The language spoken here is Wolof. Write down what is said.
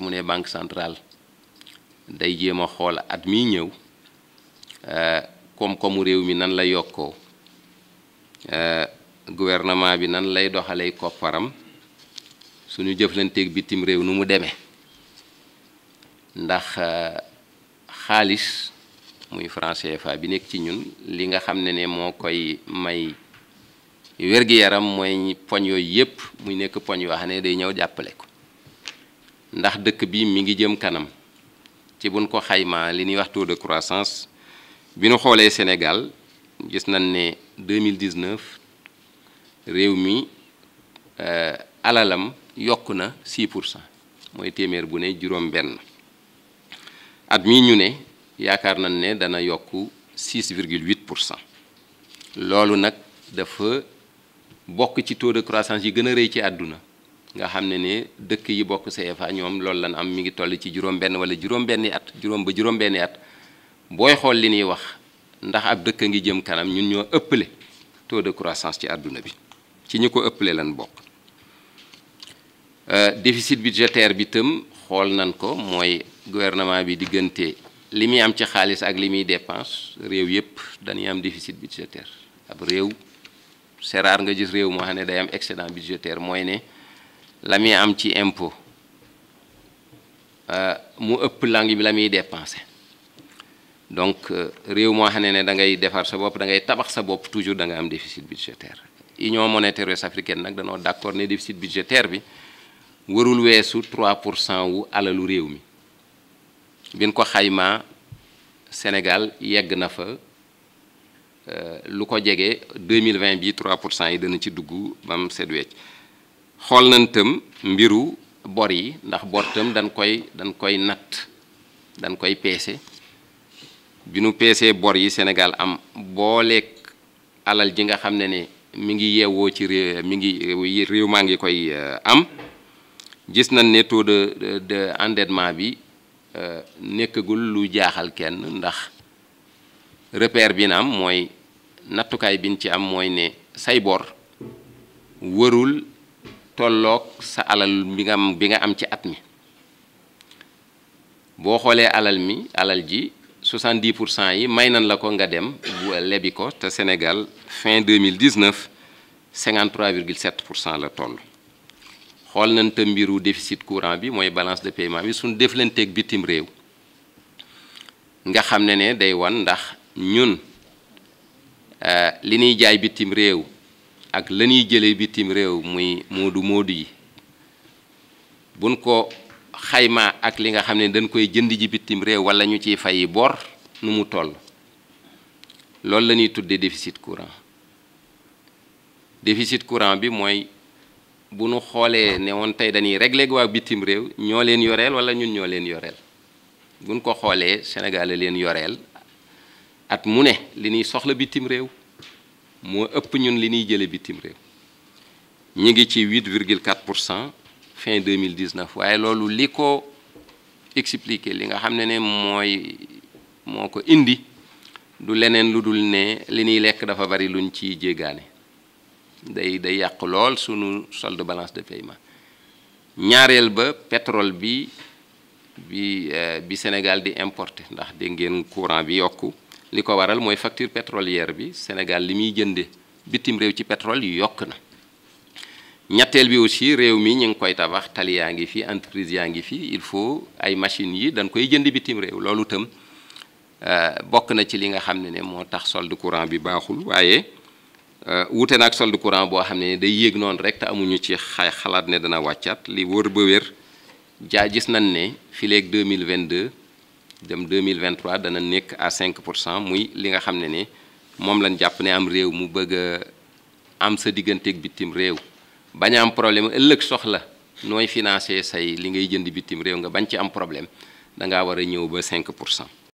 mu ne banque centrale day jéem a xool at miy ñëw euh, koom-koomu réew mi nan la yokkoo euh, gouvernement bi nan lay doxalee kopparam suñu jëflanteeg bitim réew nu mu demee ndax euh, xaalis muy franc CFA bi nekk ci ñun li nga xam ne ne moo koy may wér yaram mooy poñ yooyu yëpp muy nekk poñ yoo xam ne day ñëw jàppale ko ndax dëkk bi mi ngi jëm kanam ci buñ ko xaymaa li ñuy wax taux de croissance bi nu xoolee senegal gis nañ ne 2019 réew mi euh, alalam yokk na 6 pour cent mooy téeméer bu ne juróom-benn at mii ñu ne yaakaar nañ ne dana yokk 6 virgule 8 pour cent loolu nag dafa bokk ci taux de croissance yi gën a rëy ci àdduna nga xam ne ni dëkk yi bokk CFA ñoom loolu lan am mu ngi toll ci juróom-benn wala juróom-benni at juróom ba juróom-benni at booy xool li ñuy wax ndax ab dëkk ngi jëm kanam ñun ñoo ëpple taux de croissance ci àdduna bi ci ñu ko ëppale lan bokk. Euh, déficit budgétaire bi tam xool nan ko mooy gouvernement bi diggante li muy am ci xaalis ak li muy dépense réew yépp dañuy am déficit budgétaire ab réew c'est nga gis réew moo xam ne day am excédent budgétaire mooy ne. la muy am ci impôt euh, mu ëpp langue bi la muy dépensé donc euh, réew moo xam ne ne da ngay defar sa bopp da ngay tabax sa bopp toujours da nga am déficit budgétaire Union monétaire ouest africaine nag danoo d'accord ne déficit budgétaire bi warul weesu 3 pour cent wu alalu réew mi bin ko xayma Sénégal yegg na fa euh, lu ko jege 2020 bi 3 pour cent yi dana ci dugg bam set wecc xool nantam mbiru bor yi ndax bor tam dañ koy dañ koy natt dañ koy peese bi nu peesee bor yi senegal am booleeg alal ji nga xam ne ne mi ngi yeewoo ci réew mi ngi réew maa ngi koy euh, am gis na ne taux de de endettement bi euh, nekkagul lu jaaxal kenn ndax repère bi am mooy nattukaay biñ ci am mooy ne say bor wërul tolloog sa alal bi nga am bi nga am ci at mi boo xoolee alal mi alal ji di pour cent yi may nan la ko nga dem lebi ko te Sénégal fin 2019 53 virgule 7 pour cent la toll xool na te mbiru déficit courant bi mooy balance de paiement bi suñ deflanteeg bitim réew nga xam ne ne day wan ndax ñun euh, li nuy jaay bitim réew ak lañuy jële bitim réew muy moodu moodu yi buñ ko xaymaa ak li nga xam ne dañ koy jënd ji bitim réew walla ñu ciy fay bor nu mu toll loolu la ñuy tuddee déficit courant déficit courant bi mooy bu nu xoolee ne woon tey dañuy régler waa bitim réew ñoo leen yoreel wala ñun ñoo leen yoreel buñ ko xoolee Sénégal leen yoreel at mu ne li ñuy soxla bitim réew moo ëpp ñun li ñuy jële bitim réew ñu ngi ci huit virgule quatre pour cent fin 2019 waaye loolu li ko expliqué li nga xam ne ne mooy moo ko indi du leneen lu dul ne li ñuy lekk dafa bari luñ ci jéggaane day day yàq lool sunu sole de balance de paiement ñaareel ba pétrole bi bi euh, bi Sénégal di importer ndax dégg ngeen courant bi yokku li ko waral mooy facture pétrolière bi Sénégal li muy jënde bitim réew ci pétrole yokk na ñetteel bi aussi réew mi ñu ngi koy tabax tali yaa ngi fi entreprise yaa ngi fi il faut ay machines yi dañ koy jënd bitim réew loolu itam euh, bokk na ci li nga xam ne ne moo tax solde courant bi baaxul waaye euh, wuute na ak solde courant boo xam ne day yéeg noonu rek te amuñu ci xalaat ne dana wàccaat li wër ba wér jaa gis nañ ne fileeg 2022 dem jëm 2023 dana nekk à cinq pour cent muy li nga xam ne ni moom lañ jàpp ne am réew mu bëgg a am sa digganteeg bitim réew bañ am problème ëllëg soxla nooy financer say li ngay jënd bitim réew nga bañ ci am problème da ngaa war a ñëw ba cinq pour cent.